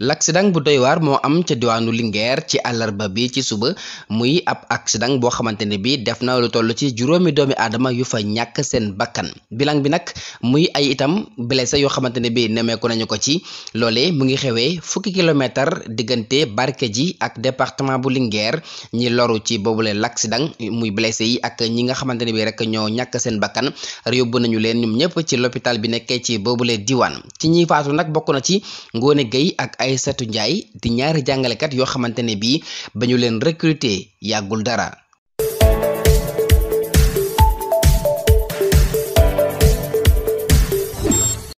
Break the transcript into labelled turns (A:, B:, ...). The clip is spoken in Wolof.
A: l'accident bu doy war mo am ci diwanu Linguère ci àllarba bi ci suba muy ab accident bo xamanteni bi def na lu tollu ci juróomi doomi adama yu fa ñak seen bakkan bilan bi nak muy ay itam blessé yo xamanteni ne némé ko nañu ko ci lolé mu ngi xewee fukki kilomètre diggante Barkedji ak département bu Linguère ñi loru ci bobulé l'accident muy blessé yi ak ñi nga xamanteni bi rek ñoo ñak seen bakkan yóbbu nañu leen ñum ñëpp ci l'hôpital bi nekké ci bobulé diwan ci ñi faatu nak bokku na ci ngone geey ak ay Aysatu Njaay di ñaari jàngalekat yoo xamante ne bii bañu leen recruter yàggul dara